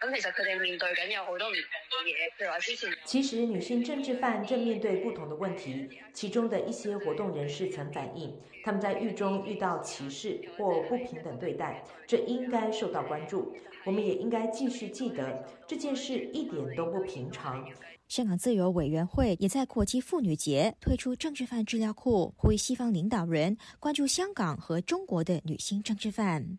咁其實佢哋面對緊有好多唔同嘅嘢，譬如之前，其實女性政治犯正面對不同的問題，其中的一些活動人士曾反映，他們在獄中遇到歧視或不平等對待，這應該受到關注。我們也應該繼續記得，這件事一點都不平常。香港自由委員會也在國際婦女節推出政治犯資料庫，呼籲西方領導人關注香港和中國的女性政治犯。